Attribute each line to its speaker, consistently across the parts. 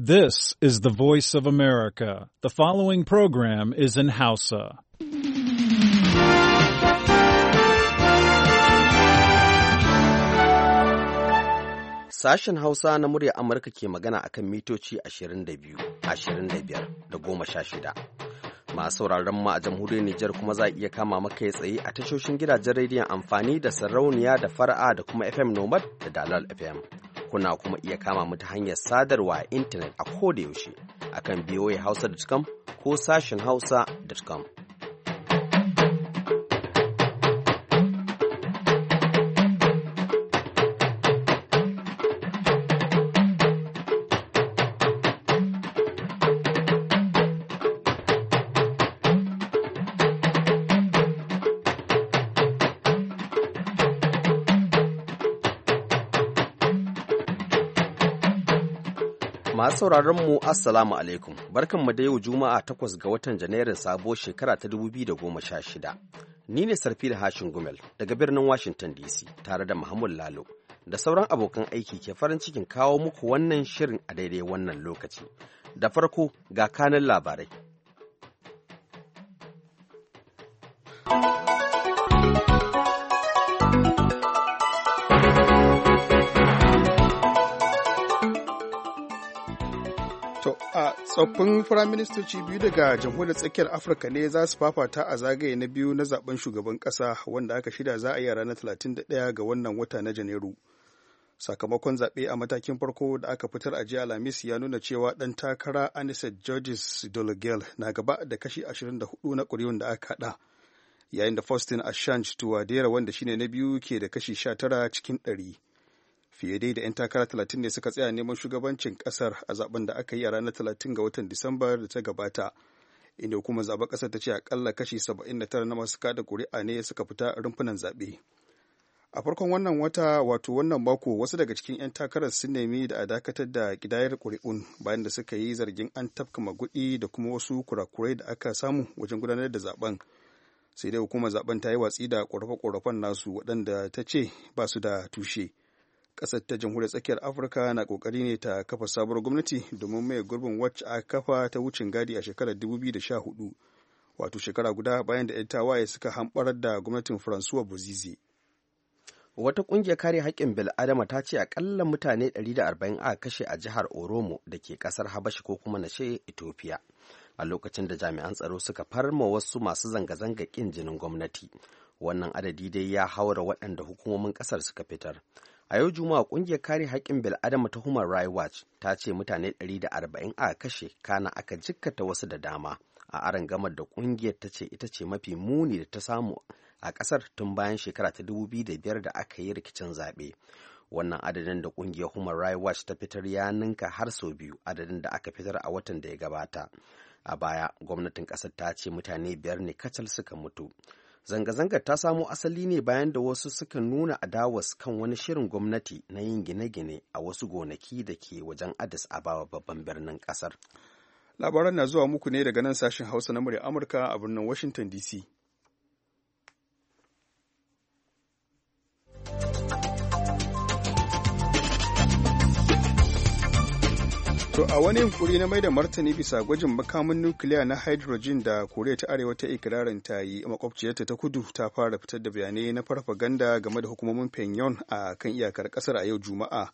Speaker 1: This is the voice of America. The following program is in Hausa.
Speaker 2: Sashen Hausa na murya Amurka ke magana akan mitoci 22, 25 da shida. Masu sauraron mu a jamhuriyar Nijar kuma za a iya kama maka tsaye a tashoshin gidajen rediyon amfani da sarauniya da fara'a da kuma FM Nomad da Dalal FM. kuna kuma iya kama mu ta hanyar sadarwa a intanet a koda yaushe akan voahausa.com ko sashen hausa.com. Masu sauraron mu Assalamu alaikum. Barkan mu da yau Juma'a takwas ga watan Janairun sabo shekara ta dubu biyu da goma sha shida. Ni ne Sarfi da Hashin Gumel daga birnin Washington DC tare da Muhammad Lalo da sauran abokan aiki ke farin cikin kawo muku wannan shirin a daidai wannan lokaci. Da farko ga kanan labarai.
Speaker 3: tsoffin firaministoci biyu daga jamhuriyar tsakiyar afirka ne za su fafata a zagaye na biyu na zaben shugaban kasa wanda aka shida za a yi ranar 31 ga wannan wata na janairu sakamakon zaɓe a matakin farko da aka fitar a jiya alhamis ya nuna cewa ɗan takara aniset georges dologel na gaba da kashi 24 na ƙuri'un da aka haɗa yayin da faustin ashanj tuwadera wanda shine na biyu ke da kashi 19 cikin 100 fiye dai da 'yan takara 30 ne suka tsaya neman shugabancin kasar a zaben da aka yi a ranar 30 ga watan disambar da ta gabata inda hukumar zaben kasar ta ce akalla kashi 79 na masu kada kuri'a ne suka fita rumfunan zaɓe a farkon wannan wata wato wannan mako wasu daga cikin 'yan takarar sun nemi da a dakatar da kidayar kuri'un bayan da suka yi zargin an tafka magudi da kuma wasu kurakurai da aka samu wajen gudanar da zaben sai dai hukumar zaben ta yi watsi da ƙorafe-ƙorafen nasu waɗanda ta ce ba su da tushe. kasar ta jamhuriyar tsakiyar afirka na kokari ne ta kafa sabuwar gwamnati domin mai gurbin wacce a kafa ta wucin gadi a shekarar 2014 wato shekara guda bayan da 'yan tawaye suka hamɓarar da gwamnatin faransuwa buzizi wata kungiyar
Speaker 2: kare haƙƙin bil'adama ta ce akalla mutane 140 a kashe a jihar oromo da ke ƙasar habashi ko kuma na ce ethiopia a lokacin da jami'an tsaro suka farma wasu masu zanga-zanga ƙin jinin gwamnati wannan adadi dai ya haura waɗanda hukumomin ƙasar suka fitar A yau Juma'a kungiyar kare haƙƙin bil'adama ta Human Rights Watch ta ce mutane 140 a kashe kana aka jikkata wasu da dama a aron gamar da kungiyar ta ce ita ce mafi muni da ta samu a ƙasar tun bayan shekara ta 2005 da aka yi rikicin zaɓe. Wannan adadin da kungiyar Human Rights Watch ta fitar ya ninka har sau biyu adadin da aka fitar a watan da ya gabata. A baya, gwamnatin ƙasar ta ce mutane biyar ne kacal suka mutu. Zanga-zangar ta samo asali ne bayan da wasu suka nuna adawas kan wani shirin gwamnati na yin gine-gine a wasu gonaki da ke wajen Addis
Speaker 3: Ababa babban birnin kasar. Labaran na zuwa muku ne daga nan sashen Hausa na murya Amurka a birnin Washington DC. To a wani yunkuri na mai da martani bisa gwajin makamin nukiliya na hydrogen da Koriya ta Arewa ta ikirarin ta yi makwabciyarta ta kudu ta fara fitar da bayanai na farfaganda game da hukumomin Pyongyang a kan iyakar kasar a yau Juma'a.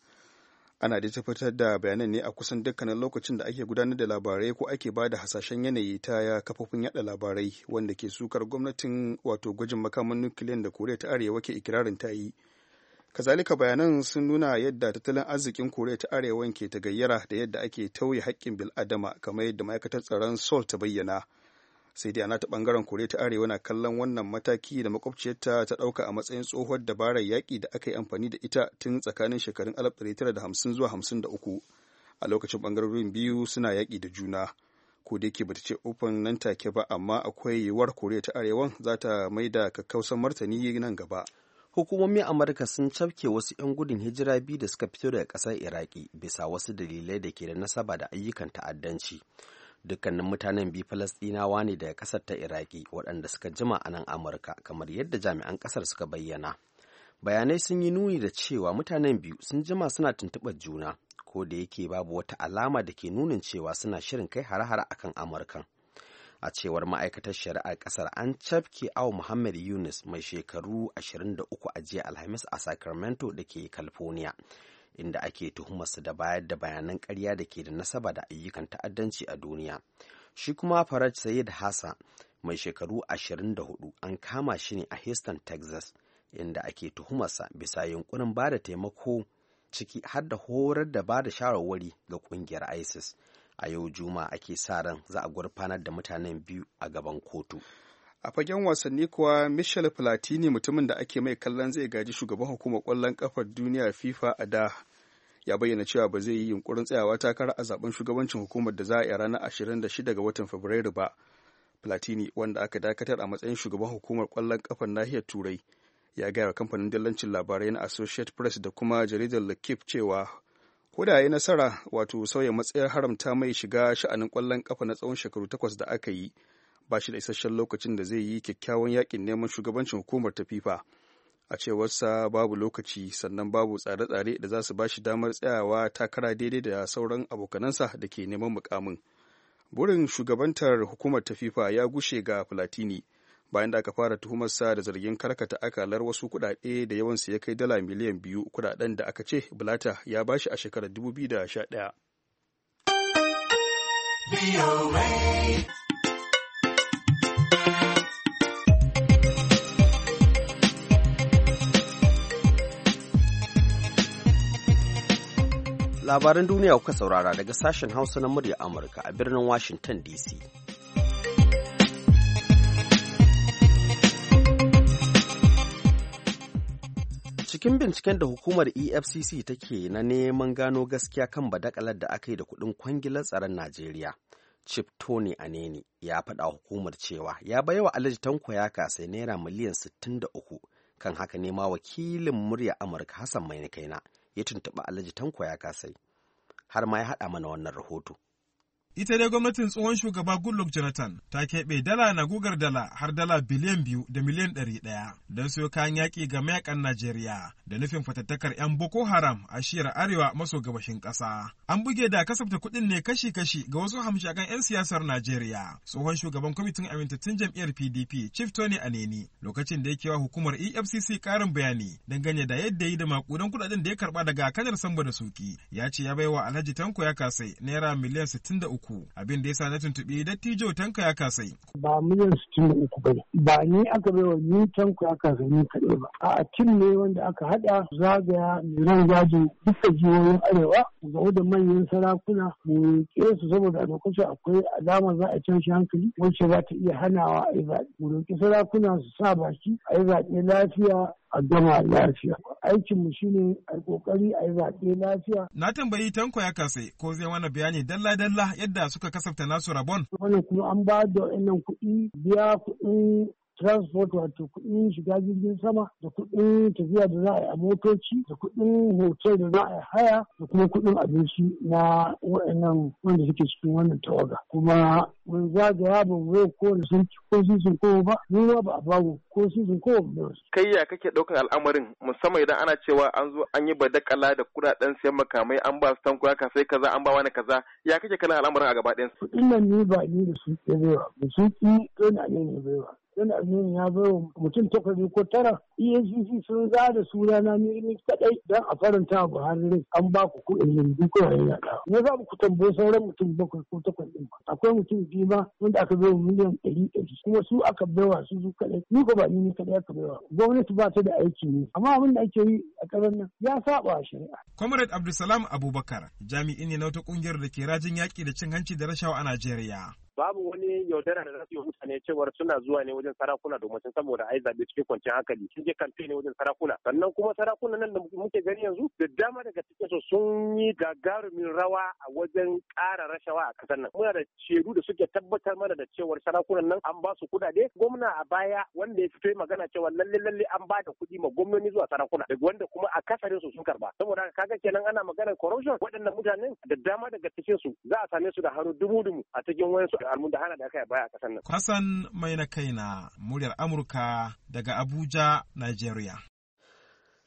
Speaker 3: Ana da fitar da bayanan ne a kusan dukkanin lokacin da ake gudanar da labarai ko ake ba da hasashen yanayi ta kafofin yada labarai wanda ke sukar gwamnatin wato gwajin makamin nukiliyan da Koriya ta Arewa ke ikirarin ta yi. kazalika bayanan sun nuna yadda tattalin arzikin koriya ta arewa ke ta gayyara da yadda ake tauye haƙƙin bil'adama kamar yadda ma'aikatar tsaron sol ta bayyana sai dai ana ta bangaren koriya ta arewa na kallon wannan mataki da makwabciyarta ta ɗauka a matsayin tsohuwar dabarar yaƙi da aka yi amfani da ita tun tsakanin shekarun hamsin zuwa uku a lokacin bangarorin biyu suna yaƙi da juna ko da yake bata ce ofan nan take ba amma akwai yiwuwar koriya ta arewa za ta maida kakkausan martani nan gaba hukumomin
Speaker 2: amurka sun cafke wasu 'yan gudun hijira biyu da suka fito daga ƙasar iraki bisa wasu dalilai da ke da nasaba da ayyukan ta'addanci dukkanin mutanen biyu falastinawa ne daga ƙasar ta iraki waɗanda suka jima a nan amurka kamar yadda jami'an ƙasar suka bayyana bayanai sun yi nuni da cewa mutanen biyu sun jima suna tuntuɓar juna ko da yake babu wata alama da ke nunin cewa suna shirin kai hare-hare akan amurkan a cewar ma'aikatar shari'ar kasar an cafke awu muhammad yunus mai shekaru 23 a jiya alhamis a sacramento da ke california inda ake tuhumarsa da bayar da bayanan karya da ke da nasaba da ayyukan ta'addanci a duniya shi kuma faraj sayid hassa mai shekaru 24 an kama shi ne a houston texas inda ake tuhumarsa bisa yunkurin ba da taimako ciki har da horar da ba da shawarwari ga ƙungiyar isis a yau juma ake sa ran za a gurfanar da mutanen biyu a gaban
Speaker 3: kotu a fagen wasanni kuwa michel platini mutumin da ake mai kallon zai gaji shugaban hukumar kwallon kafar duniya fifa a da ya bayyana cewa ba zai yi yunkurin tsayawa takara a zaben shugabancin hukumar da za a yi ranar 26 ga watan fabrairu ba platini wanda aka dakatar a matsayin shugaban hukumar kwallon kafar nahiyar turai ya gaya wa kamfanin dillancin labarai na associate press da kuma jaridar lekip cewa ko yi nasara wato sauya matsayar haramta mai shiga sha'anin kwallon kafa na tsawon shekaru takwas da aka yi ba shi da isasshen lokacin da zai yi kyakkyawan yakin neman shugabancin hukumar ta fifa a cewarsa babu lokaci sannan babu tsare-tsare da za su ba shi damar tsayawa takara daidai da sauran abokanansa da ke neman mukamin burin shugabantar hukumar ta fifa ya gushe ga platini bayan da aka fara tuhumarsa da zargin karkata akalar wasu kuɗaɗe da yawansu ya kai dala miliyan biyu kuɗaɗen da aka ce bulata ya bashi a shekarar 2011
Speaker 2: Labaran duniya kuka saurara daga sashen Hausa na murya Amurka a birnin Washington DC. cikin binciken da hukumar efcc take na neman gano gaskiya kan badakalar da aka yi da kuɗin kwangilar tsaron najeriya Chip Tony Aneni ya faɗa hukumar cewa ya baiwa Alhaji Tanko ya kasai naira miliyan 63 kan haka ne ma wakilin murya Amurka Hassan mai Mainikaina ya tuntuɓi Alhaji Tanko ya kasai har ma ya haɗa mana wannan rahoto.
Speaker 1: Ita dai gwamnatin tsohon shugaba Goodluck Jonathan ta keɓe dala na gugar dala har dala biliyan biyu da miliyan ɗari ɗaya don siyo kayan yaƙi ga mayakan Najeriya da nufin fatattakar 'yan Boko Haram a shiyar arewa maso gabashin ƙasa. An buge da kasafta kuɗin ne kashi-kashi ga wasu hamshakan 'yan siyasar Najeriya. Tsohon shugaban kwamitin amintattun jam'iyyar PDP Chief Tony Aneni lokacin da ya kewa hukumar EFCC ƙarin bayani dangane da yadda yi da makudan kuɗaɗen da ya karɓa daga kanar Sambo da Suki ya ce ya bai wa Alhaji Tanko ya kasai naira miliyan 63 uku abin da ya sa na tuntuɓi dattijo tanka ya kasai. Ba miliyan
Speaker 4: sittin da uku bane ba ni aka bai wa ni tanka ya kasai ni kaɗai ba a tim ne wanda aka haɗa zagaya miran gajin duka jihohin arewa ga da manyan sarakuna mu roƙe su saboda a lokacin akwai alama za a canshi hankali wacce za ta iya hanawa a yi zaɓe mu roƙi sarakuna su sa baki a yi zaɓe lafiya a gama lafiya. aikin mu shine a kokari a yi zaɓe lafiya.
Speaker 1: Na tambayi Tanko ya kasa ko zai wani bayani dalla-dalla yadda suka kasafta nasu rabon.
Speaker 4: Wannan kuma an ba da wannan kuɗi biya kuɗin transport wato kuɗin shiga jirgin sama da kuɗin tafiya da za a yi a motoci da kuɗin hotel da za a yi haya da kuma kuɗin abinci na wa'annan wanda suke cikin wannan tawaga kuma mun zagaya ba mu ko da sun ko sun ko ba ruwa ba a babu ko sun ko ba
Speaker 1: kai ya kake ɗaukar al'amarin musamman idan ana cewa an zo an yi badakala da kuɗaɗen siyan makamai an ba su tankuna ka sai kaza an ba wani kaza ya kake kana al'amarin a gaba ɗayan Kuɗin
Speaker 4: nan ni ba ni da su ke baiwa da su ki ne baiwa yana nuna ya bai wa mutum takwas ko tara efcc sun za da sunana na ni kadai don a faranta buhari rai an ba ku kuɗin duk wani ya yaɗa me za ku tambayi sauran mutum bakwai ko takwas ɗin akwai mutum biyu ma wanda aka bai wa miliyan ɗari ɗari kuma su aka bai wa su su kadai ni ko ba ni ni kadai aka bai wa gwamnati ba ta da aiki ne amma abin da ake yi a ƙasar nan ya saba shari'a.
Speaker 1: comrade abdulsalam abubakar jami'in ne na wata ƙungiyar da ke rajin yaƙi da cin hanci da rashawa a najeriya.
Speaker 5: babu wani yaudara da zasu yi mutane cewar suna zuwa ne wajen sarakuna domin saboda ai zabe cikin kwanciyar hankali sun je kamfe ne wajen sarakuna sannan kuma sarakuna nan da muke gani yanzu da dama daga cikin su sun yi gagarumin rawa a wajen ƙara rashawa a kasar nan muna da shaidu da suke tabbatar mana da cewar sarakunan nan an ba su kuɗaɗe gwamna a baya wanda ya fito magana cewa lalle lalle an ba da kuɗi ma gwamnoni zuwa sarakuna daga wanda kuma a kasarin su sun karba saboda haka kaga kenan ana maganar corruption waɗannan mutanen da dama daga cikin su za a same su da hannu dubu dubu a cikin wayansu da hana da aka baya a ƙasar nan.
Speaker 1: Hassan mai na kaina muryar Amurka daga Abuja, Nigeria.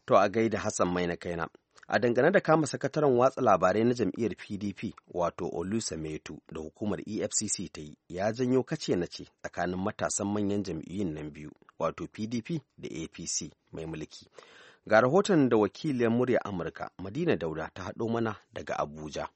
Speaker 2: To a gaida Hassan mai na kaina. A dangane da kama sakataren watsa labarai na jam'iyyar PDP wato Olusemetu da hukumar EFCC ta yi ya janyo kace na ce tsakanin matasan manyan jam'iyyun nan biyu wato PDP da APC mai mulki. Ga rahoton da wakiliyar murya Amurka Madina Dauda ta haɗo mana daga Abuja.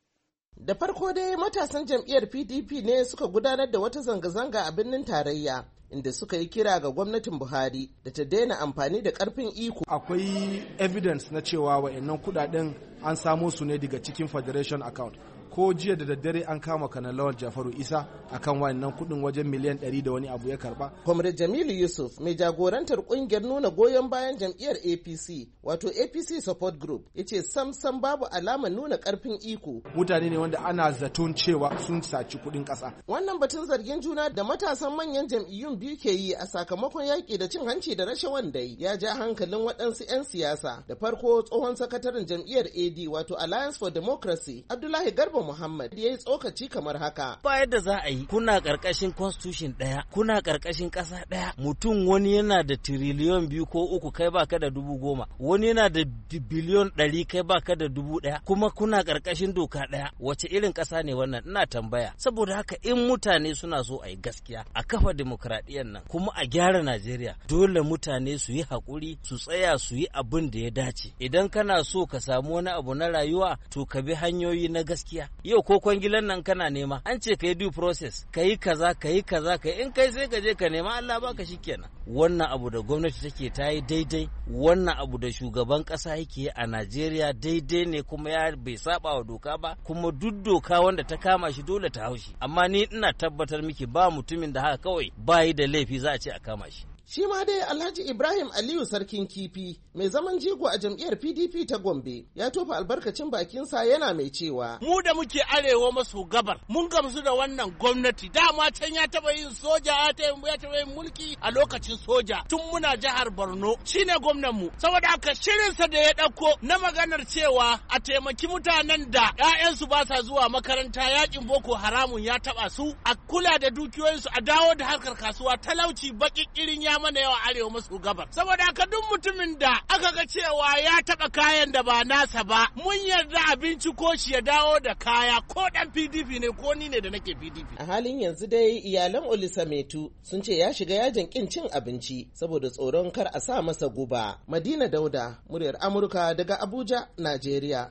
Speaker 6: Da farko dai matasan jam'iyyar PDP ne suka gudanar da wata zanga-zanga a birnin tarayya inda suka yi kira ga gwamnatin Buhari da ta daina amfani da karfin iko. Akwai evidence na cewa wa'annan kudaden an samo su ne daga cikin federation account. ko jiya da daddare an kama kanan lawal jafaru isa akan wannan kudin wajen miliyan 100 da wani abu ya karba comrade jamilu yusuf mai jagorantar kungiyar nuna goyon bayan jam'iyyar apc wato apc support group ya ce sam babu alamar nuna karfin iko mutane ne wanda ana zaton cewa sun saci kudin kasa wannan batun zargin juna da matasan manyan jam'iyyun biyu ke yi a sakamakon yaki da cin hanci da rashawan dai ya ja hankalin waɗansu 'yan siyasa da farko tsohon sakataren jam'iyyar ad wato alliance for democracy abdullahi garba Baba
Speaker 7: Muhammad ya yi tsokaci kamar haka. Ba yadda za a yi kuna ƙarƙashin constitution ɗaya kuna ƙarƙashin ƙasa ɗaya mutum wani yana da tiriliyon biyu ko uku kai ba ka da dubu goma wani yana da biliyon ɗari kai ba ka da dubu ɗaya kuma kuna ƙarƙashin doka ɗaya wace irin ƙasa ne wannan ina tambaya saboda haka in mutane suna so a yi gaskiya a kafa demokradiyyar nan kuma a gyara Najeriya dole mutane su yi haƙuri su tsaya su yi abin da ya dace idan kana so ka samu wani abu na rayuwa to ka bi hanyoyi na gaskiya yau ko kwangilan nan kana nema an ce ka yi due process ka yi kaza ka yi kaza ka in kai sai ka je ka nema Allah baka shikenan wannan abu da gwamnati take ta yi daidai wannan abu da shugaban kasa yake a Najeriya daidai ne kuma ya bai saba wa doka ba kuma duk doka wanda ta kama shi dole ta haushi amma ni ina tabbatar miki ba mutumin da haka kawai yi da laifi za a ce a kama shi
Speaker 6: Shi ma dai Alhaji Ibrahim Aliyu Sarkin Kifi mai zaman jigo a jam'iyyar PDP ta Gombe ya tofa albarkacin bakinsa yana mai cewa. Mu da muke arewa maso gabar mun gamsu da wannan gwamnati dama can ya taba yin soja ya taba yin mulki a lokacin soja tun muna jihar Borno shine gwamnan mu saboda haka shirinsa da ya ɗauko na maganar cewa a taimaki mutanen da ƴaƴansu ba sa zuwa makaranta yakin boko haramun ya taɓa su a kula da dukiyoyinsu a dawo da harkar kasuwa talauci baƙi irin ya mana yawa arewa masu gabar saboda haka duk mutumin da aka ga cewa ya taba kayan da ba nasa ba mun yarda abinci ko shi ya dawo da kaya ko dan PDP ne ko ni ne da nake PDP a halin yanzu dai iyalan Olisa Metu sun ce ya shiga yajin kin cin abinci saboda tsoron kar a sa masa guba Madina Dauda muryar Amurka daga Abuja Najeriya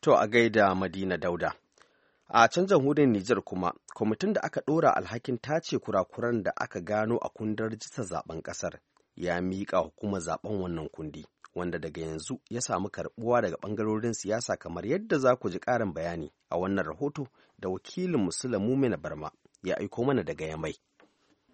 Speaker 2: To a gaida Madina Dauda. a can jamhuriyar Nijar kuma kwamitin da aka ɗora alhakin tace kurakuran da aka gano a kundin rajistar zaben ƙasar ya miƙa hukumar zaben wannan kundi wanda daga yanzu ya samu karɓuwa daga ɓangarorin siyasa kamar yadda za ku ji
Speaker 8: ƙarin bayani
Speaker 2: a wannan rahoto da wakilin musulun mumina barma ya aiko mana daga yamai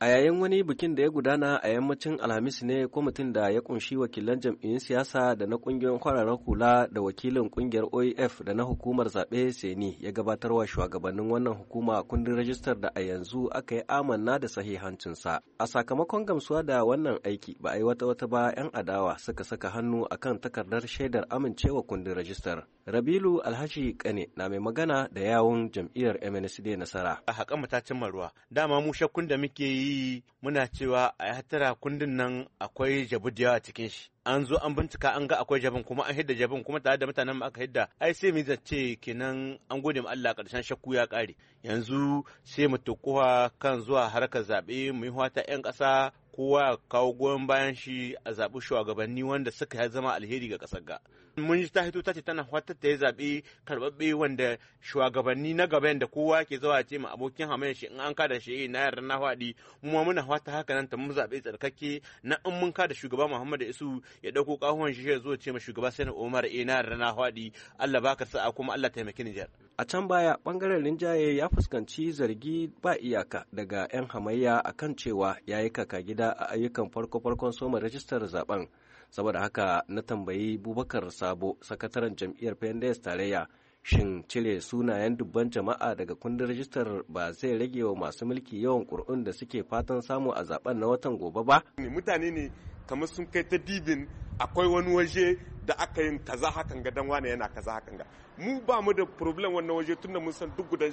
Speaker 8: A yayin wani bikin da ya gudana a yammacin Alhamis ne ko mutum da ya kunshi wakilan jam'iyyun siyasa da na kungiyoyin kwararren hula da wakilin kungiyar OEF da na hukumar zaɓe Seni ya gabatar wa shugabannin wannan hukuma kundin rajistar da a yanzu aka yi amanna da sahihancinsa. A sakamakon gamsuwa da wannan aiki ba a yi wata wata ba 'yan adawa suka saka hannu akan takardar shaidar amincewa kundin rajistar. Rabilu Alhaji Kane na mai magana da yawun jam'iyyar MNSD Nasara. A haƙa matacin ruwa dama mu shakkun
Speaker 9: da muke yi yi muna cewa a hatara kundin nan akwai jabu da yawa cikin shi an zo an bincika an ga akwai jabin kuma an hidda jabin kuma tare da mutanen mu aka hidda ai sai mu zace kenan an gode ma Allah karshen shakku ya kare yanzu sai mu tukuwa kan zuwa harkar zabe mu yi hwata yan ƙasa kowa kawo goyon bayan shi a zabu shugabanni wanda suka zama alheri ga kasar ga mun ji ta hito ta ce tana wata ta yi zaɓe karɓaɓɓe wanda shugabanni na gaba da kowa ke zuwa ce ma abokin hamayya shi in an kada shi na yarda na faɗi mu ma muna fata haka nan ta mu zaɓe tsarkake na in mun kada shugaba muhammad Isu ya ɗauko ƙahon shi ya zo ce ma shugaba Sani Umar eh na yarda na faɗi Allah baka sa'a kuma Allah taimaki Nijar.
Speaker 8: A can baya bangaren Rinjaye ya fuskanci zargi ba iyaka daga 'yan hamayya akan cewa ya yi kaka gida a ayyukan farko-farkon soma rajistar zaben. saboda haka na tambayi bubakar sabo sakataren jam'iyyar pendes tarayya shin cire sunayen dubban jama'a daga kundin rajistar ba zai rage wa masu mulki yawan kur'un da suke fatan samu a zaben na watan gobe ba mutane ne kamar sun kai ta dibin
Speaker 1: akwai wani waje da aka yin kaza hakan ga dan wane yana kaza hakan ga mu ba mu da problem wannan waje tunda mun san duk gudan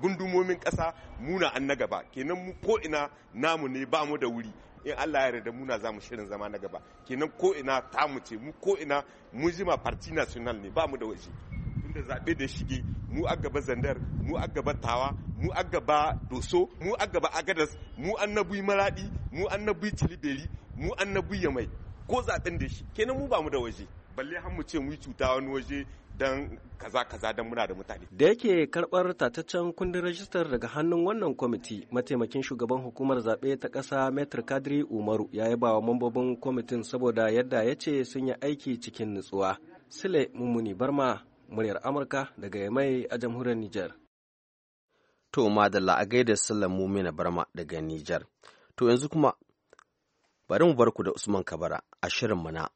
Speaker 1: gundumomin kasa muna an na gaba kenan mu ko ina namu ne ba mu da wuri in Allah ya yarda muna za mu shirin zama na gaba kenan ko ina ta mu ce mu ko ina mu jima parti national ne ba mu da waje tunda zabe da shige mu a gaba zandar mu a gaba tawa mu a gaba doso mu a gaba agadas mu annabi maradi mu annabi tiliberi mu annabi yamai ko zaben da shi kenan mu ba mu da waje balle har mu ce mu cuta wani waje don kaza kaza don muna da mutane.
Speaker 8: Da yake karɓar tataccen kundin rajistar daga hannun wannan kwamiti mataimakin shugaban hukumar zaɓe ta ƙasa Metr Kadri Umaru ya yaba wa mambobin kwamitin saboda yadda ya ce sun yi aiki cikin nutsuwa. sile Mummuni Barma, muryar Amurka daga Yamai a jamhuriyar Nijar.
Speaker 2: To madalla a gaida Sule na Barma daga Nijar. To yanzu kuma bari mu bar ku da Usman Kabara a shirin mu na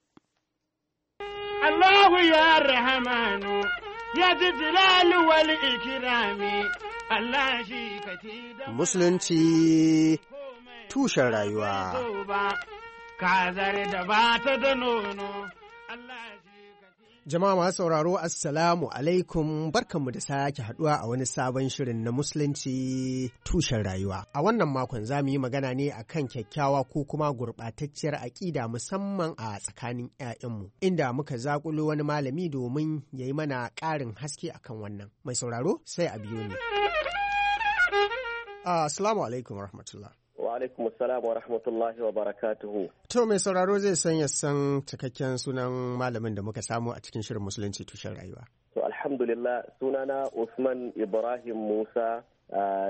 Speaker 6: Allahu ya rahmanu ya jidlal wal ikrami Allah shi fatida
Speaker 10: Musulunci tushen rayuwa
Speaker 6: ka zare da bata da nono Allah
Speaker 10: Jama'a masu sauraro Assalamu alaikum barkanmu da sake haduwa a wani sabon shirin na Musulunci tushen rayuwa. A wannan makon za mu yi magana ne a kan kyakkyawa ko kuma gurɓatacciyar aƙida musamman a tsakanin 'ya'yanmu, inda muka zaƙulo wani malami domin ya yi mana ƙarin haske a kan wannan. Mai sauraro sai a biyo ne. Assalamu alaikum rahmatullah.
Speaker 9: alaikum assalam wa rahmatullahi wa barakatuhu.
Speaker 10: To mai sauraro zai san ya san cikakken sunan malamin da muka samu a cikin shirin musulunci tushen rayuwa.
Speaker 9: To alhamdulillah sunana Usman Ibrahim Musa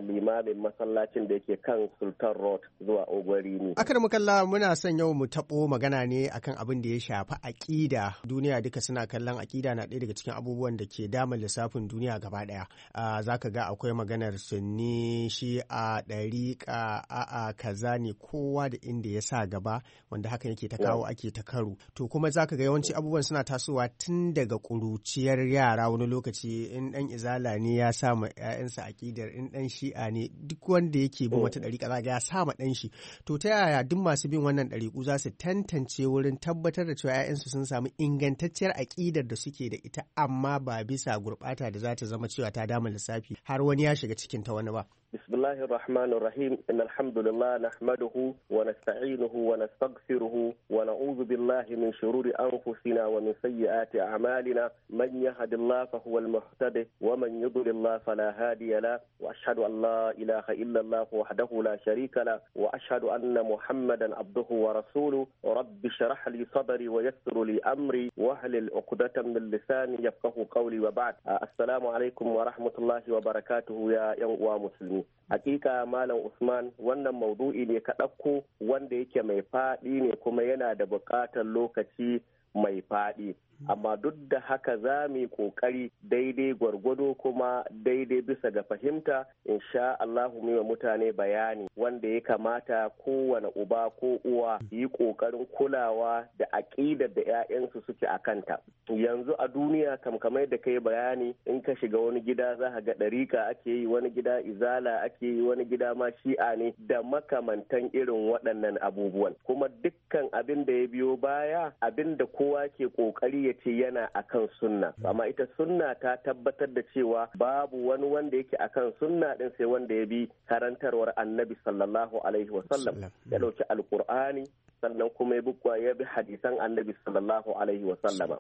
Speaker 9: limamin masallacin da yake kan sultan road zuwa ogwari ne akan
Speaker 10: mukalla muna son yau mu taɓo magana ne akan abin da ya shafi aƙida duniya duka suna kallon aƙida na ɗaya daga cikin abubuwan da ke dama lissafin duniya gaba ɗaya za ka ga akwai maganar sunni shi a ɗariƙa a kaza ne kowa da inda ya sa gaba wanda hakan yake ta kawo ake ta karo to kuma za ka ga yawanci abubuwan suna tasowa tun daga ƙuruciyar yara wani lokaci in ɗan izala ne ya sa ma 'ya'yansa aƙidar in dan shi'a ne duk wanda yake bin oh. wata dariƙa za ga ya sama ɗan shi to ta yaya duk masu bin wannan dariƙu za su tantance wurin tabbatar da cewa ƴaƴansu sun samu ingantacciyar aƙidar da suke da ita amma ba bisa gurɓata da za ta zama cewa ta dama lissafi har wani ya shiga cikin ta wani ba.
Speaker 9: بسم الله الرحمن الرحيم إن الحمد لله نحمده ونستعينه ونستغفره ونعوذ بالله من شرور أنفسنا ومن سيئات أعمالنا من يهد الله فهو المهتد ومن يضلل الله فلا هادي له وأشهد أن لا إله إلا الله وحده لا شريك له وأشهد أن محمدا عبده ورسوله رب اشرح لي صدري ويسر لي أمري واهلل عقدة من لساني يفقه قولي وبعد السلام عليكم ورحمة الله وبركاته يا مسلمين ne hakika malam usman wannan maudu'i ne ka ɗauko wanda yake mai faɗi ne kuma yana da buƙatar lokaci mai faɗi amma duk da haka za mu yi kokari daidai gwargwado kuma daidai bisa ga fahimta insha Allah mu wa mutane bayani wanda ya kamata kowane uba ko uwa yi kokarin kulawa da aƙidar da 'ya'yansu suke a kanta yanzu a duniya kamkamai da kai bayani in ka shiga wani gida za ka ga ɗarika ake yi wani gida izala ake yi wani gida ma shi'a ne da makamantan irin waɗannan abubuwan kuma dukkan abin da ya biyo baya abin da kowa ke kokari iya ce yana akan sunna amma ita sunna ta tabbatar da cewa babu wani wanda yake akan sunna din sai wanda ya bi karantarwar annabi sallallahu alaihi wasallam ya dauki alkur'ani sannan kuma ya bi ya bi hadisan annabi sallallahu alaihi wasallama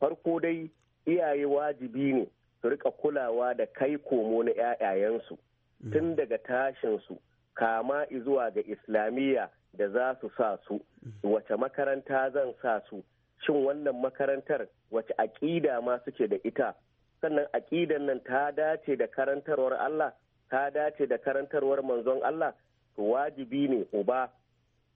Speaker 9: farko dai iyaye wajibi ne su rika kulawa da kai komo na 'ya'yayensu mm. tun daga tashin su kama zuwa ga islamiyya da za su sa su mm. wace makaranta zan sa su shin wannan makarantar wace aƙida ma suke da ita sannan aƙidan nan ta dace da karantarwar Allah ta dace da karantarwar manzon Allah to wajibi ne uba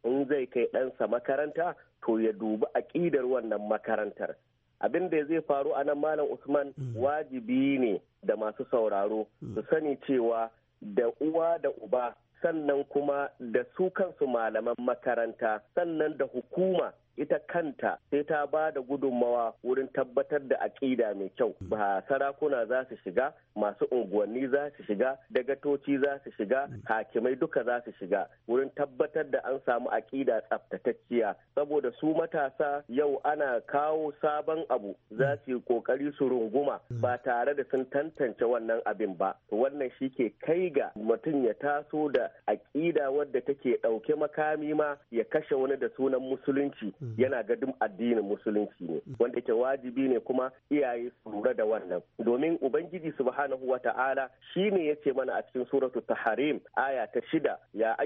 Speaker 9: in zai kai ɗansa makaranta to ya dubi aƙidar wannan makarantar abin da zai faru a nan malam usman mm. wajibi ne da masu sauraro mm. su sani cewa da uwa da uba sannan kuma da su kansu malaman makaranta sannan da hukuma ita kanta sai ta ba da gudunmawa wurin tabbatar da aƙida mai kyau ba sarakuna za su shiga masu unguwanni za su shiga dagatoci za su shiga hakimai duka za su shiga wurin tabbatar da an samu aƙida tsaftatacciya saboda su matasa yau ana kawo sabon abu za su yi ƙoƙari su runguma ba tare da sun tantance wannan abin ba wannan shi ke kai ga mutum ya taso da aƙida wadda take ɗauke makami ma ya kashe wani da sunan musulunci yana duk addinin musulunci ne wanda yake wajibi ne kuma iyaye su lura da wannan domin ubangiji subhanahu wa ta'ala shine yace mana a cikin suratul tahrim aya ta shida ya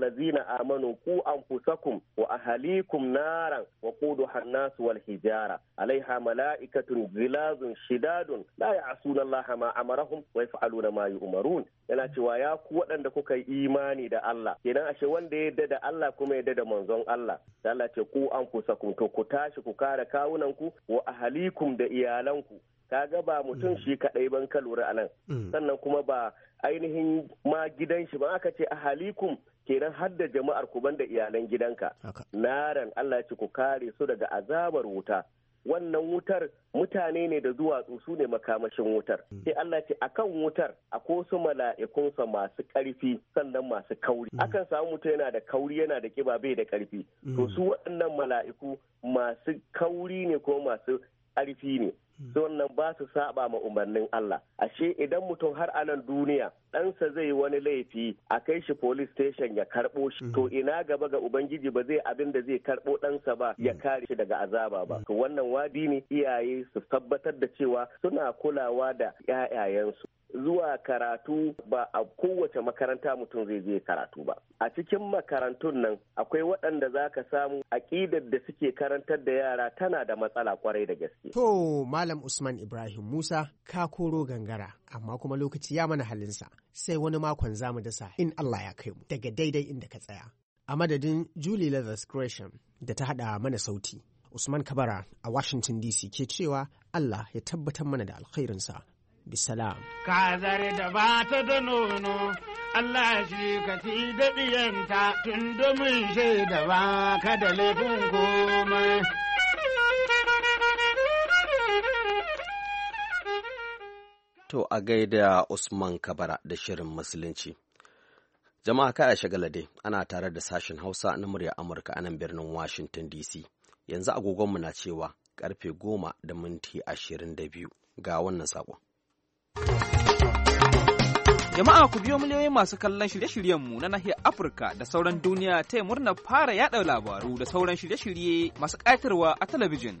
Speaker 9: ladzina amanu ku anfusakum wa ahalikum naran wa quduha an-nas wal hijara alaiha mala'ikatun zilazun shidadun la ya'suna ma amarahum wa yaf'aluna ma yu'marun yana cewa ya ku waɗanda kuka yi imani da Allah kenan ashe wanda ya yarda da Allah kuma ya yarda da manzon Allah Allah ce ku an anfusakum to ku tashi ku kare kawunanku wa ahalikum da iyalanku kaga ba mutum mm. shi kadai ban ka lura anan mm. sannan kuma ba ainihin ma gidan shi ba aka ce ahalikum kenan har da jama'ar ku banda iyalan gidanka naran Allah ya ce ku kare su daga azabar wuta wannan wutar mutane ne da duwatsu su ne makamashin wutar mm. sai Allah ce a kan wutar ko su mala'ikunsa masu ƙarfi sannan masu kauri mm. akan samu mutum yana da kauri yana da kiba bai da ƙarfi to mm. su waɗannan mala'iku masu kauri ne ko masu ƙarfi ne wannan ba su saba ma umarnin Allah ashe idan mutum har anan duniya ɗansa zai wani laifi a kai shi police station ya karɓo shi mm. to ina gaba ga ubangiji ba zai abin da zai karɓo ɗansa ba ya mm. kare shi daga azaba ba mm. to wannan wadi ne iyaye su tabbatar da cewa suna kulawa da 'ya'yayensu zuwa karatu ba a kowace makaranta mutum zai je karatu ba a cikin makarantun nan akwai waɗanda za ka samu aƙidar da suke karantar da yara tana da matsala kwarai da gaske
Speaker 10: to malam usman ibrahim musa ka koro gangara amma kuma lokaci ya mana halinsa sai wani makon zamu dasa in allah ya kai mu daga daidai inda ka tsaya a madadin julie leathers creation da ta haɗa mana sauti usman kabara a washington dc ke cewa allah ya tabbatar mana da alkhairinsa bisalam.
Speaker 6: Kazar da ba ta da nono, Allah shi ka fi ɗiyanta tun da mun shaida ba ka da laifin komai.
Speaker 2: To a gaida Usman Kabara da Shirin Musulunci. Jama'a ka shagala dai ana tare da sashen Hausa na murya Amurka a nan birnin Washington DC. Yanzu agogonmu na cewa karfe goma da minti ashirin da biyu ga wannan saƙon.
Speaker 5: Jama'a ku biyo miliyoyin masu kallon shirye-shiryenmu na nahiyar Afirka da sauran duniya ta yi murna fara yada labaru da sauran shirye-shirye masu ƙayatarwa a talabijin.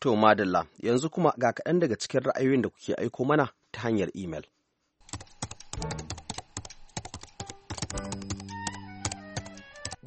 Speaker 2: To madalla yanzu kuma ga kaɗan daga cikin ra'ayoyin da kuke aiko mana ta hanyar imel.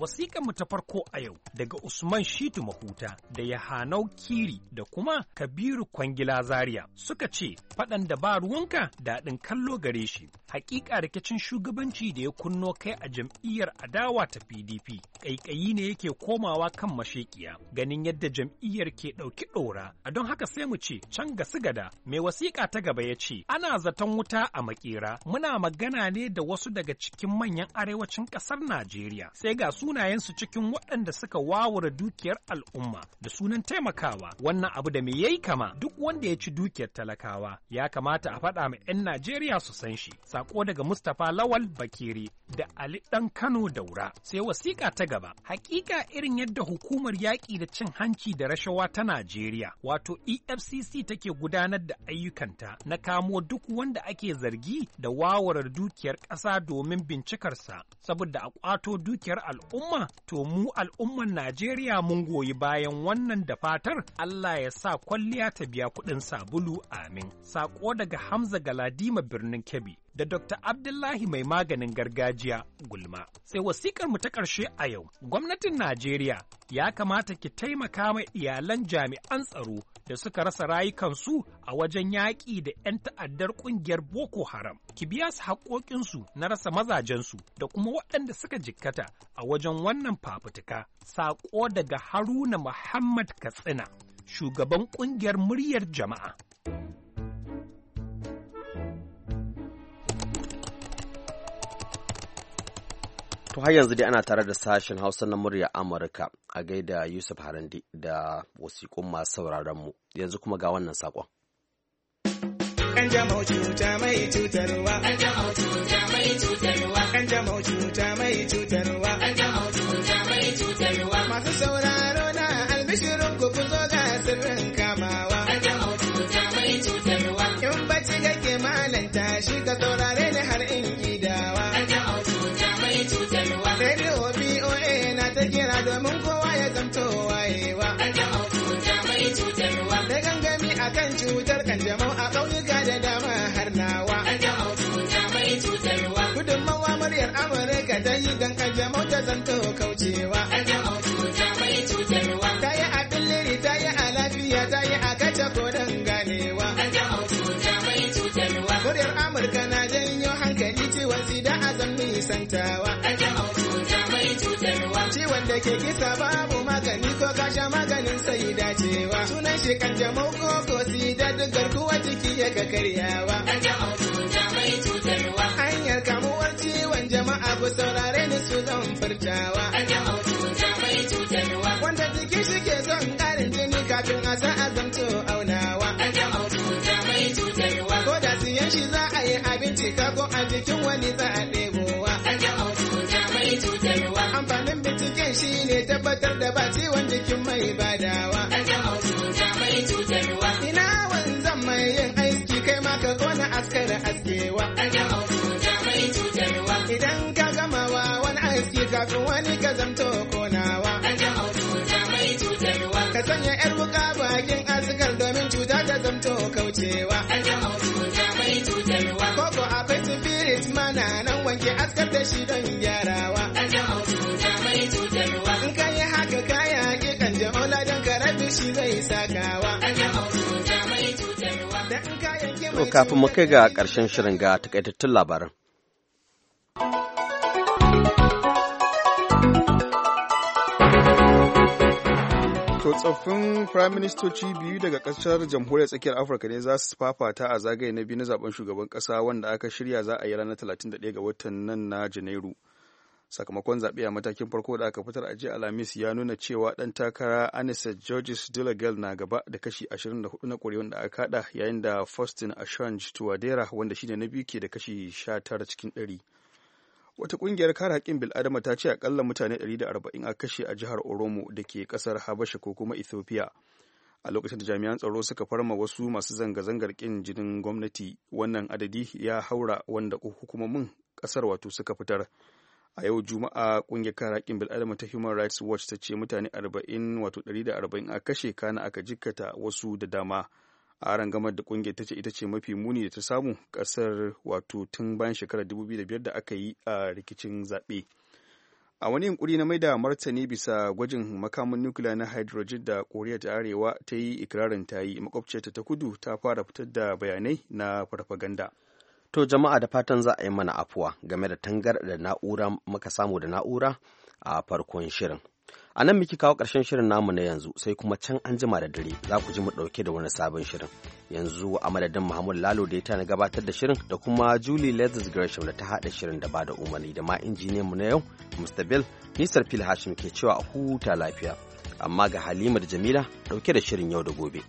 Speaker 5: Wasiƙan mu ta farko a yau daga Usman Shitu Mahuta da Yahanau Kiri da kuma Kabiru Kwangila Zaria suka ce faɗan da ba ruwanka daɗin kallo gare shi. Hakika rikicin shugabanci da ya kunno kai a jam'iyyar adawa ta PDP ƙaiƙayi ne yake komawa kan mashekiya ganin yadda jam'iyyar ke ɗauki ɗora a don haka sai mu ce can ga sigada mai wasiƙa ta gaba ya ce ana zaton wuta a makera muna magana ne da wasu daga cikin manyan arewacin ƙasar Najeriya sai ga su sunayensu cikin waɗanda suka wawura dukiyar al'umma da sunan taimakawa wannan abu da me yayi kama duk wanda ya ci dukiyar talakawa ya kamata a faɗa ma 'yan Najeriya su san shi sako daga Mustapha Lawal Bakiri da Ali Dan Kano Daura sai wasiƙa ta gaba haƙiƙa irin yadda hukumar yaƙi da cin hanci da rashawa ta Najeriya wato EFCC take gudanar da ayyukanta na kamo duk wanda ake zargi da wawarar dukiyar ƙasa domin bincikarsa saboda a ƙwato dukiyar al'umma al'umma to mu al'umman Najeriya mun goyi bayan wannan da fatar Allah ya sa kwalliya ta biya kuɗin sabulu amin. Sako daga Hamza Galadima birnin Kebbi. da Dr. Abdullahi mai maganin gargajiya gulma. Sai wasikar mu ta ƙarshe a yau, gwamnatin Najeriya ya kamata ki taimaka mai iyalan jami'an tsaro da suka rasa rayukansu a wajen yaƙi da 'yan ta'addar ƙungiyar Boko Haram. Ki biya su haƙoƙinsu na rasa mazajensu da kuma waɗanda suka jikkata a wajen wannan fafutuka. Saƙo daga Haruna Muhammad Katsina, shugaban ƙungiyar muryar jama'a.
Speaker 2: To har yanzu dai ana tare da sashen Hausa na murya Amurka a gaida Yusuf Harandi da wasiƙun masu sauraron mu. Yanzu kuma ga wannan saƙon.
Speaker 11: Shiga jama'u Masu sauraro na An cuta mai to wayewa. Na gangami a kan cutar kanjamau a ƙauyuka da dama har nawa. Gudunmawa muryar Amurka ta yi don kanjamau ta zanto kaucewa. Ta yi a billiri ta yi a lafiya ta yi a kace koren ganewa. Muryar Amurka na janyo hankali ciwon sida a zan nisantawa. wanda ke kisa babu magani ko kasha maganin sai dacewa sunan shi kan jamau ko ko da dukkan kuwa jiki ya ga karyawa hanyar kamuwar ciwon jama'a ku saurare ni su zan furtawa wanda jiki shi ke son karin jini kafin a sa azamto aunawa ko da siyan shi za a yi abinci ko a jikin wani za a ɗewa binciken shi ne tabbatar da ba ciwon jikin mai badawa. Ina wanzan mai yin aiki kai ma ka kona askara askewa. Idan ka gamawa wani aiki kafin wani ka zamto konawa. Ka sanya 'yar wuka bakin askar domin cuta ta zamto kaucewa. Koko akwai spirit mana nan wanke askar da shi don zai sakawa. To kafin mu
Speaker 2: kai ga ƙarshen shirin ga takaitattun labaran.
Speaker 3: To tsoffin firaministoci biyu daga ƙasar jamhuriyar tsakiyar Afirka ne za su fafata a zagaye na biyu na zaben shugaban ƙasa wanda aka shirya za a yi ranar 31 ga watan nan na Janairu. sakamakon zaɓe a matakin farko da aka fitar a jiya alhamis ya nuna cewa ɗan takara anisa georges dillagel na gaba da kashi 24 na ƙuri'un da aka haɗa yayin da faustin assange tuwadera wanda shine na biyu ke da kashi 19 cikin 100 wata ƙungiyar kare haƙƙin bil'adama ta ce akalla mutane 140 a kashe a jihar oromo da ke ƙasar habasha ko kuma ethiopia a lokacin da jami'an tsaro suka farma wasu masu zanga-zangar ƙin jinin gwamnati wannan adadi ya haura wanda hukumomin ƙasar wato suka fitar a yau juma'a kungiyar kare haƙƙin bil'adama ta human rights watch ta ce mutane 40 wato 140 a kashe kana aka jikkata wasu da dama a gamar da kungiyar ta ce ita ce mafi muni da ta samu kasar wato tun bayan shekarar 2005 da aka yi a rikicin zaɓe a wani yunkuri na maida martani bisa gwajin makamin nukiliya na hydrogen da koriya ta arewa ta yi ikirarin ta yi makwabciyarta ta kudu ta fara fitar da bayanai na farfaganda.
Speaker 2: To jama'a da fatan za a yi mana afuwa game da tangar da na'ura muka samu da na'ura a farkon shirin. A nan muke kawo ƙarshen shirin namu na yanzu sai kuma can an jima da dare za ku ji mu ɗauke da wani sabon shirin. Yanzu a madadin Muhammad Lalo da ya na gabatar da shirin da kuma Julie Lazarus Gresham da ta haɗa shirin da ba da umarni da ma injiniyan mu na yau Mr. Bill Nisar Phil Hashim ke cewa a huta lafiya. Amma ga Halima da Jamila ɗauke da shirin yau da gobe.